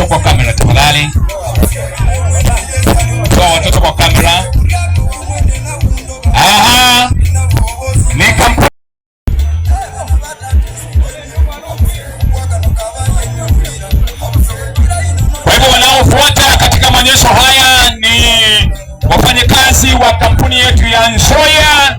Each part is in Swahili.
watoto kwa kamera tafadhali, toa watoto kwa kamera. Aha, kwa hivyo, wanaofuata katika maonyesho haya ni wafanyakazi wa kampuni yetu ya Nzoia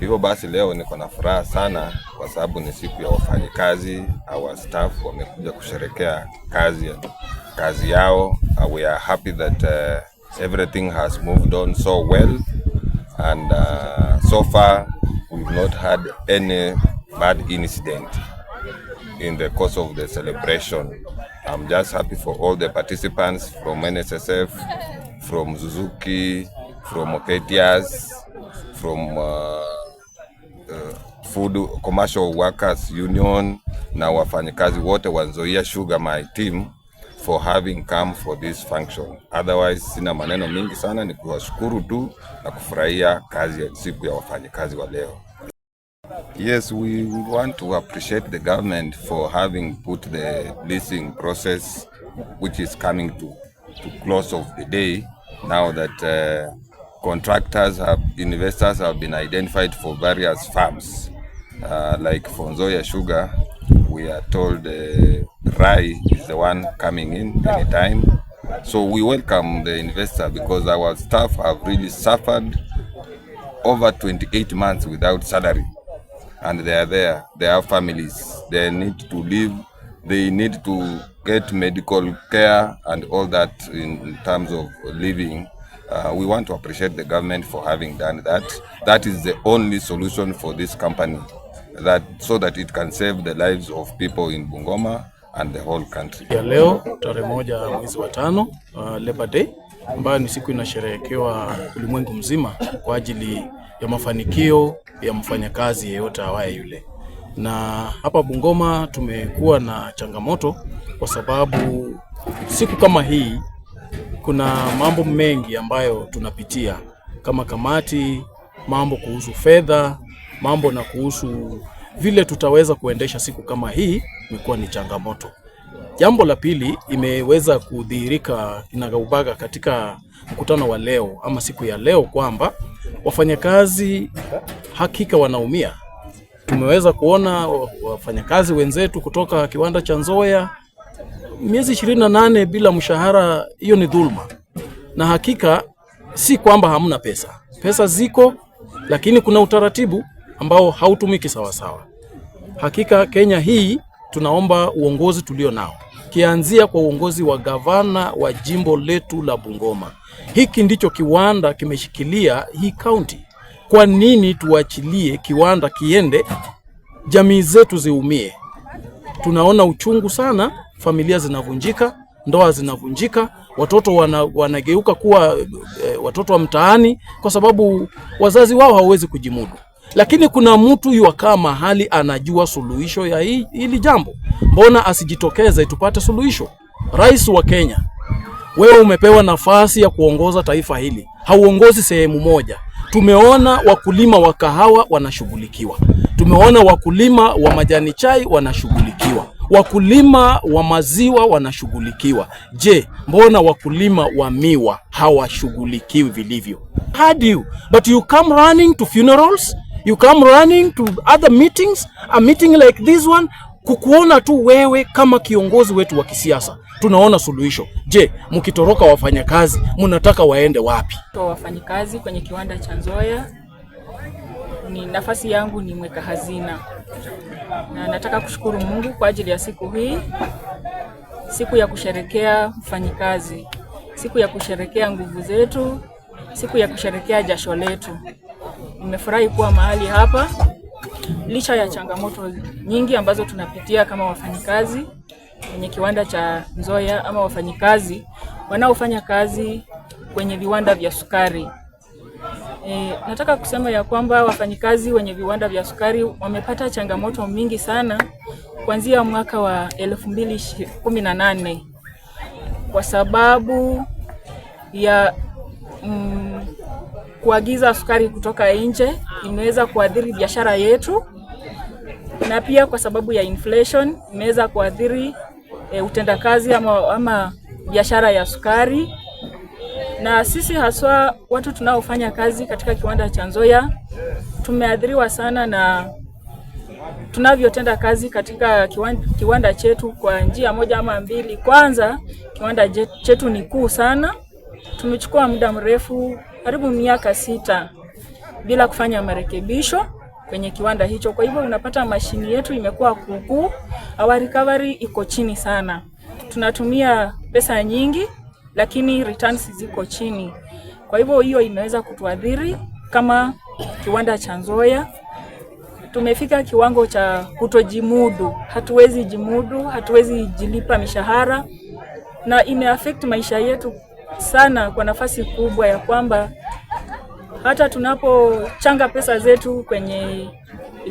Hivyo basi leo niko na furaha sana kwa sababu ni siku ya wafanyikazi au staff wamekuja kusherekea kazi, kazi yao. Uh, we are happy that uh, everything has moved on so well and uh, so far we've not had any bad incident in the course of the celebration. I'm just happy for all the participants from NSSF, from Suzuki, from Opetias, from uh, Food Commercial Workers Union na wafanyakazi wote wa Nzoia Sugar my team for having come for this function. Otherwise, sina maneno mingi sana, ni kuwashukuru tu na kufurahia kazi ya siku ya wafanyakazi wa leo. Yes, we want to appreciate the government for having put the leasing process which is coming to, to close of the day now that uh, contractors have investors have been identified for various farms Uh, like for Nzoia Sugar, we are told uh, Rai is the one coming in anytime. So we welcome the investor because our staff have really suffered over 28 months without salary and they are there. They have families. They need to live. They need to get medical care and all that in terms of living. Uh, we want to appreciate the government for having done that. That is the only solution for this company that, so that it can save the lives of people in Bungoma and the whole country. Ya leo tarehe moja mwezi wa tano, uh, Labor Day ambayo ni siku inasherehekewa ulimwengu mzima kwa ajili ya mafanikio ya mfanyakazi yeyote awaye yule. Na hapa Bungoma tumekuwa na changamoto kwa sababu siku kama hii kuna mambo mengi ambayo tunapitia kama kamati, mambo kuhusu fedha mambo na kuhusu vile tutaweza kuendesha siku kama hii imekuwa ni changamoto. Jambo la pili imeweza kudhihirika inagaubaga katika mkutano wa leo ama siku ya leo kwamba wafanyakazi hakika wanaumia. Tumeweza kuona wafanyakazi wenzetu kutoka kiwanda cha Nzoya miezi ishirini na nane bila mshahara, hiyo ni dhuluma, na hakika si kwamba hamna pesa, pesa ziko, lakini kuna utaratibu ambao hautumiki sawasawa. Hakika Kenya hii tunaomba uongozi tulio nao, kianzia kwa uongozi wa gavana wa jimbo letu la Bungoma. Hiki ndicho kiwanda kimeshikilia hii kaunti. Kwa nini tuachilie kiwanda kiende, jamii zetu ziumie? Tunaona uchungu sana, familia zinavunjika, ndoa zinavunjika, watoto wana, wanageuka kuwa e, watoto wa mtaani kwa sababu wazazi wao hawawezi kujimudu lakini kuna mtu yuakaa mahali anajua suluhisho ya hili jambo, mbona asijitokeze tupate suluhisho? Rais wa Kenya, wewe umepewa nafasi ya kuongoza taifa hili, hauongozi sehemu moja. Tumeona wakulima wa kahawa wanashughulikiwa, tumeona wakulima wa majani chai wanashughulikiwa, wakulima wa maziwa wanashughulikiwa. Je, mbona wakulima wa miwa hawashughulikiwi vilivyo? How do you but you come running to funerals you come running to other meetings, a meeting like this one, kukuona tu wewe kama kiongozi wetu wa kisiasa. Tunaona suluhisho. Je, mkitoroka wafanyakazi mnataka waende wapi? Kwa wafanyakazi kwenye kiwanda cha Nzoia ni nafasi yangu ni mweka hazina, na nataka kushukuru Mungu kwa ajili ya siku hii, siku ya kusherekea mfanyikazi, siku ya kusherekea nguvu zetu, siku ya kusherekea jasho letu. Nimefurahi kuwa mahali hapa licha ya changamoto nyingi ambazo tunapitia kama wafanyikazi kwenye kiwanda cha Nzoia ama wafanyikazi wanaofanya kazi kwenye viwanda vya sukari. E, nataka kusema ya kwamba wafanyikazi wenye viwanda vya sukari wamepata changamoto mingi sana kuanzia mwaka wa 2018 kwa sababu ya mm, kuagiza sukari kutoka nje imeweza kuathiri biashara yetu, na pia kwa sababu ya inflation imeweza kuathiri e, utendakazi ama, ama biashara ya sukari. Na sisi haswa watu tunaofanya kazi katika kiwanda cha Nzoia tumeathiriwa sana na tunavyotenda kazi katika kiwanda, kiwanda chetu kwa njia moja ama mbili. Kwanza kiwanda chetu ni kuu sana, tumechukua muda mrefu karibu miaka sita bila kufanya marekebisho kwenye kiwanda hicho. Kwa hivyo unapata mashini yetu imekuwa kuukuu, our recovery iko chini sana, tunatumia pesa nyingi, lakini returns ziko chini. Kwa hivyo hiyo imeweza kutuadhiri kama kiwanda cha Nzoia tumefika kiwango cha kutojimudu, hatuwezi jimudu, hatuwezi jilipa mishahara na imeaffect maisha yetu sana kwa nafasi kubwa ya kwamba hata tunapochanga pesa zetu kwenye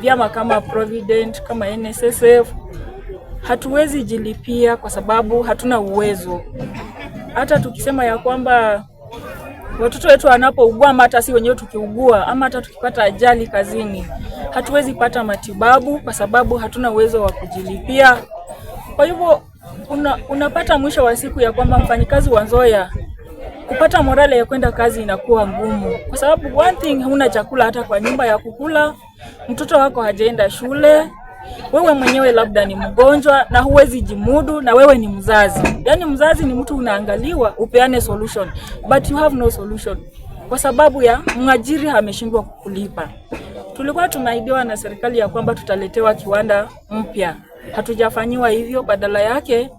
vyama kama Provident kama NSSF hatuwezi jilipia kwa sababu hatuna uwezo. Hata tukisema ya kwamba watoto wetu wanapougua, ama hata si wenyewe tukiugua, ama hata tukipata ajali kazini, hatuwezi pata matibabu kwa sababu hatuna uwezo wa kujilipia. Kwa hivyo una, unapata mwisho wa siku ya kwamba mfanyikazi wa Nzoia kupata morale ya kwenda kazi inakuwa ngumu, kwa sababu one thing, huna chakula hata kwa nyumba ya kukula, mtoto wako hajaenda shule, wewe mwenyewe labda ni mgonjwa na huwezi jimudu, na wewe ni mzazi. Yaani mzazi ni mtu unaangaliwa, upeane solution, but you have no solution kwa sababu ya mwajiri ameshindwa kukulipa. Tulikuwa tunaidiwa na serikali ya kwamba tutaletewa kiwanda mpya hatujafanyiwa hivyo, badala yake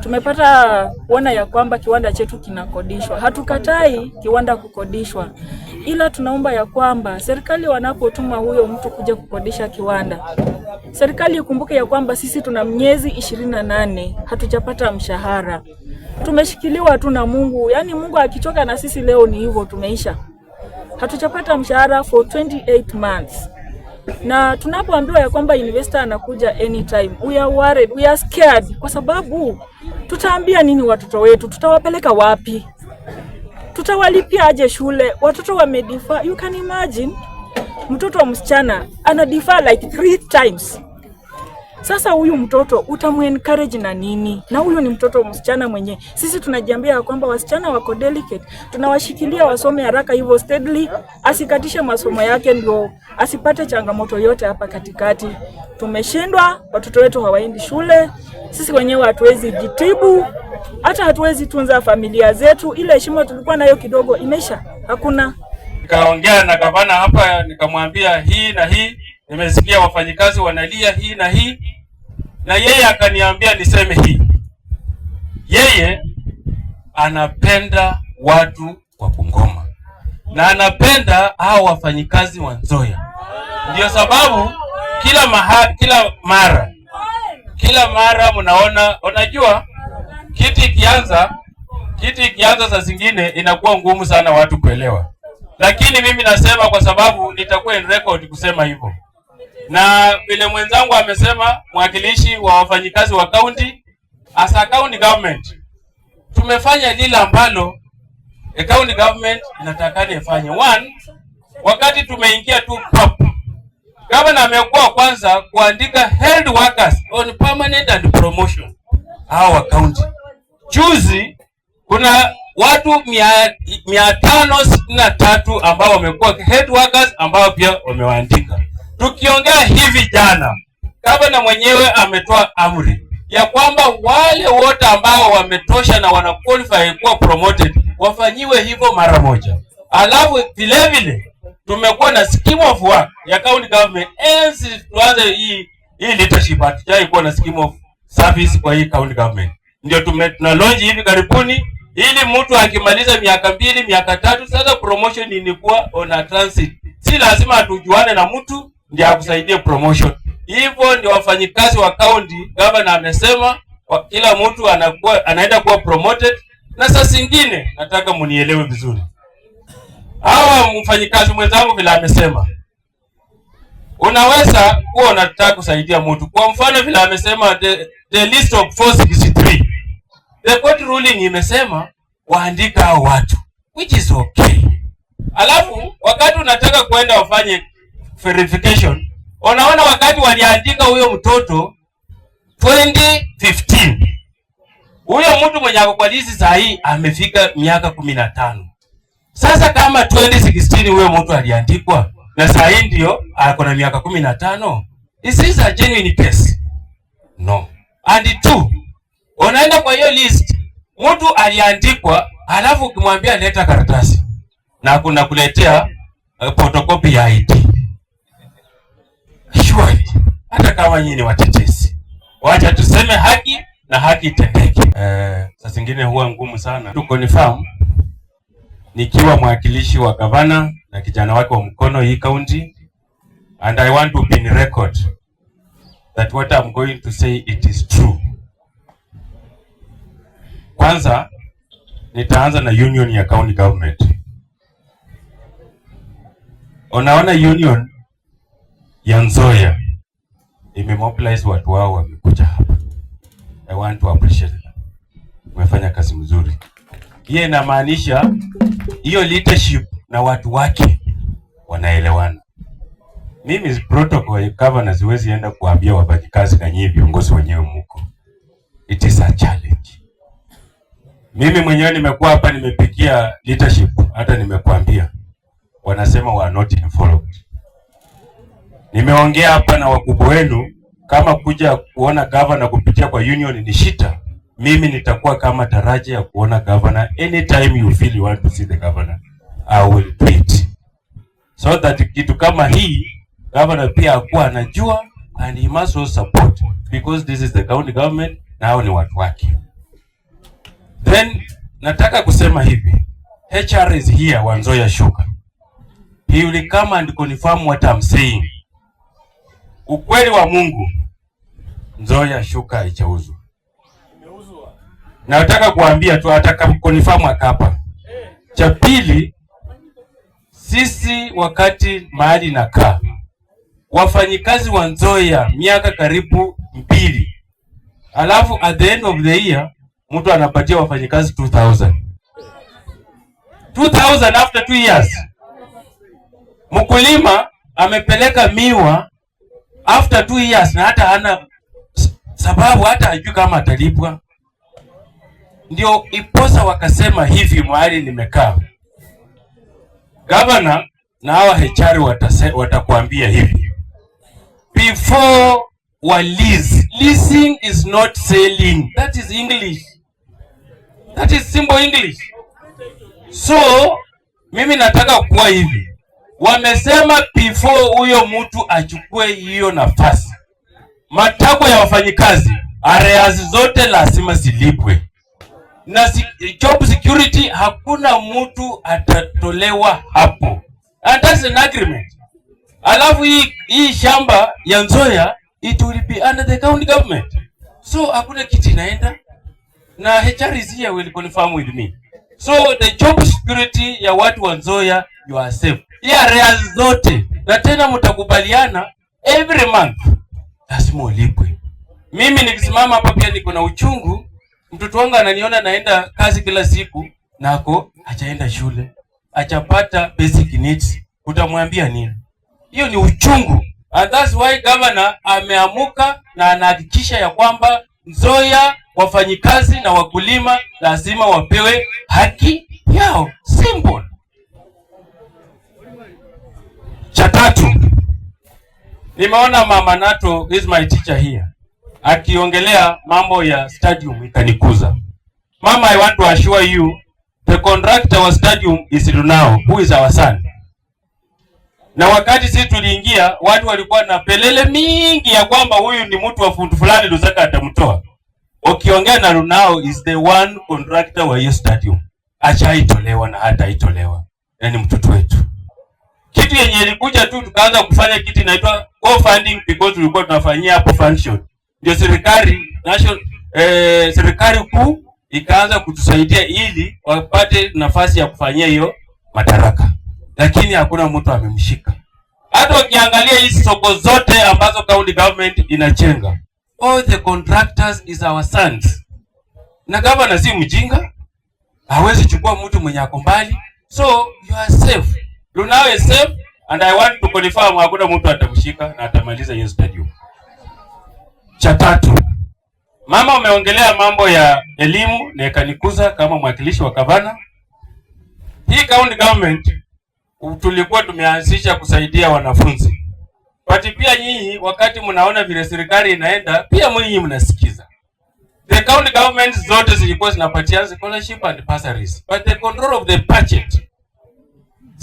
tumepata kuona ya kwamba kiwanda chetu kinakodishwa. Hatukatai kiwanda kukodishwa, ila tunaomba ya kwamba serikali wanapotuma huyo mtu kuja kukodisha kiwanda, serikali ikumbuke ya kwamba sisi tuna miezi ishirini na nane hatujapata mshahara, tumeshikiliwa tu na Mungu. Yaani Mungu akichoka na sisi leo ni hivyo, tumeisha, hatujapata mshahara for 28 months na tunapoambiwa ya kwamba investor anakuja anytime, we are worried, we are scared, kwa sababu tutaambia nini watoto wetu? Tutawapeleka wapi? Tutawalipia aje shule? Watoto wamedefer, you can imagine, mtoto wa msichana ana defer like three times sasa huyu mtoto utamwencourage na nini? Na huyu ni mtoto msichana mwenye sisi tunajiambia kwamba wasichana wako delicate, tunawashikilia wasome haraka hivyo steadily, asikatishe masomo yake ndio asipate changamoto yote hapa katikati. Tumeshindwa, watoto wetu hawaendi shule, sisi wenyewe hatuwezi jitibu, hata hatuwezi tunza familia zetu. Ile heshima tulikuwa nayo kidogo imesha hakuna. Nikaongea na gavana hapa, nikamwambia hii na hii nimesikia wafanyikazi wanalia hii na hii, na yeye akaniambia niseme hii, yeye anapenda watu wa Bungoma na anapenda hao wafanyikazi wa Nzoia. Ndio sababu kila maha, kila mara kila mara mnaona, unajua kiti ikianza kiti ikianza, saa zingine inakuwa ngumu sana watu kuelewa, lakini mimi nasema kwa sababu nitakuwa in record kusema hivyo na vile mwenzangu amesema, mwakilishi wa wafanyikazi wa kaunti, as a county government tumefanya lile ambalo a county government inatakana ifanye. One, wakati tumeingia tu pop, governor amekuwa kwanza kuandika health workers on permanent and promotion hao wa county. Juzi kuna watu mia, mia tano sitini na tatu ambao wamekuwa health workers ambao pia wamewaandika Tukiongea hivi jana, gavana mwenyewe ametoa amri ya kwamba wale wote ambao wametosha na wana qualify kuwa promoted wafanyiwe hivyo mara moja. Alafu vilevile tumekuwa na scheme of work ya county government. Enzi tuanze hii hii leadership, hatujai kuwa na scheme of service kwa hii county government, ndio tume tuna launch hivi karibuni, ili mtu akimaliza miaka mbili miaka tatu, sasa promotion ilikuwa on a transit. Si lazima atujuane na mtu ndio akusaidie promotion. Hivyo ndio wafanyikazi wa kaunti, governor amesema kila mtu anakuwa anaenda kuwa promoted. Na saa zingine nataka munielewe vizuri, hawa mfanyikazi mwenzangu vile amesema, unaweza kuwa unataka kusaidia mtu. Kwa mfano vile amesema the, the list of 463 the court ruling imesema waandika hao watu which is okay. Alafu wakati unataka kwenda ufanye verification. Unaona, wakati waliandika huyo mtoto 2015 huyo mtu mwenye ako kwa listi saa hii amefika miaka 15. Sasa kama 2016 huyo mtu aliandikwa na saa hii ndio ako na miaka 15. na is this a genuine case? No. And two, unaenda kwa hiyo list, mtu aliandikwa, alafu ukimwambia leta karatasi na kuna kuletea uh, photocopy ya ID kichwani, hata kama nyinyi ni watetezi. Wacha tuseme haki na haki itendeke. Eh, saa zingine huwa ngumu sana. Tuko ni farm nikiwa mwakilishi wa gavana na kijana wake wa mkono hii county and I want to be in record that what I'm going to say it is true. Kwanza nitaanza na union ya county government. Unaona union ya Nzoia imemobilize watu wao, wamekuja hapa. I want to appreciate them. Umefanya kazi mzuri. Hiyo inamaanisha hiyo leadership na watu wake wanaelewana. Mimi protocol ya governor siwezi enda kuambia wabaki kazi na nyinyi viongozi wenyewe mko. It is a challenge. Mimi mwenyewe nimekuwa hapa nimepikia leadership hata nimekuambia wanasema we are not involved. Nimeongea hapa na wakubwa wenu, kama kuja kuona gavana kupitia kwa union ni shita, mimi nitakuwa kama daraja ya kuona gavana. Anytime you feel you want to see the governor, I will do it, so that kitu kama hii governor pia akuwa anajua and he must also support because this is the county government na hao ni watu wake. Then nataka kusema hivi, HR is here, Wanzoya Sugar. He will come and confirm what I'm saying ukweli wa Mungu, Nzoia shuka ichauzwa. Nataka kuambia tu atakakonifahamu akapa. Eh. Cha pili, sisi wakati mahali nakaa, wafanyikazi wa Nzoia miaka karibu mbili, alafu at the end of the year mtu anapatia wafanyikazi 2000 2000 after 2 years. Mkulima amepeleka miwa after two years na hata hana sababu, hata hajui kama atalipwa. Ndio iposa wakasema hivi, mahali nimekaa governor na hawa hechari watakuambia hivi before wa lease. Leasing is not selling. That is English. That is simple English. So mimi nataka kuwa hivi wamesema before huyo mtu achukue hiyo nafasi, matakwa ya wafanyikazi areas zote lazima zilipwe na si, job security hakuna mtu atatolewa hapo, and that's an agreement. Alafu hii, hii shamba ya Nzoia it will be under the county government, so hakuna kitu inaenda na HR is here will confirm with me, so the job security ya watu wa Nzoia you are safe ya real zote, na tena mtakubaliana every month lazima ulipwe. Mimi nikisimama hapa pia niko na uchungu, mtoto wangu ananiona naenda kazi kila siku nako achaenda shule, achapata basic needs, utamwambia nini? Hiyo ni uchungu, and that's why governor ameamuka na anahakikisha ya kwamba Nzoia wafanyikazi na wakulima lazima wapewe haki yao simple. Nimeona Mama Nato is my teacher here akiongelea mambo ya stadium ikanikuza. Mama, I want to assure you the contractor wa stadium is Lunao who is our son. Na wakati sisi tuliingia, watu walikuwa na pelele mingi ya kwamba huyu ni mtu wa fundi fulani Lusaka atamtoa. Ukiongea na Lunao is the one contractor wa hiyo stadium. Acha itolewa na hata itolewa. Yaani mtoto wetu kitu yenye ilikuja tu tukaanza kufanya kitu inaitwa co-funding because tulikuwa tunafanyia hapo function, ndio serikali national eh, serikali kuu ikaanza kutusaidia ili wapate nafasi ya kufanyia hiyo madaraka, lakini hakuna mtu amemshika. Hata ukiangalia hizi soko zote ambazo county government inachenga, all the contractors is our sons, na gavana si mjinga, hawezi chukua mtu mwenye ako mbali, so you are safe. You now accept and I want to confirm hakuna mtu atamshika na atamaliza hiyo stadium. Cha tatu. Mama, umeongelea mambo ya elimu na ikanikuza kama mwakilishi wa Kavana. Hii county government tulikuwa tumeanzisha kusaidia wanafunzi. Bati pia nyinyi wakati mnaona vile serikali inaenda, pia mwinyi mnasikiza. The county government zote zilikuwa zinapatia scholarship and bursaries, but the control of the budget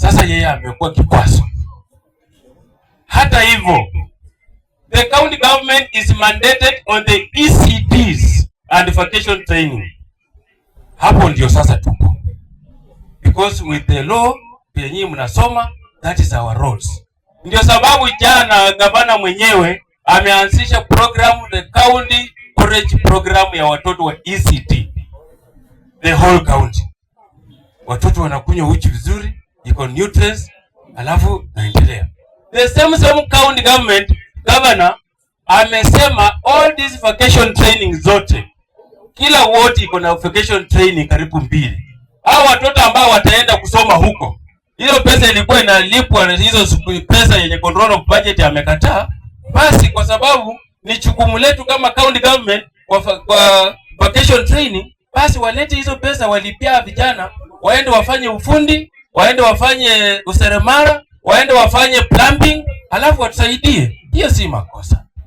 sasa yeye amekuwa kikwazo. Hata hivyo, the county government is mandated on the ECTs and vocation training. Hapo ndio sasa tuko, because with the law penye mnasoma that is our roles. Ndio sababu jana gavana mwenyewe ameanzisha program, the county college program ya watoto wa ECT the whole county. Watoto wanakunywa uchi vizuri iko nutrients, alafu naendelea. The same same county government governor amesema all these vacation training zote, kila ward iko na vacation training karibu mbili. Hao watoto ambao wataenda kusoma huko, hiyo pesa ilikuwa inalipwa na hizo pesa yenye control of budget amekataa, basi kwa sababu ni jukumu letu kama county government kwa, kwa vacation training, basi walete hizo pesa, walipia vijana waende wafanye ufundi waende wafanye useremara, waende wafanye plumbing, halafu watusaidie. Hiyo si makosa.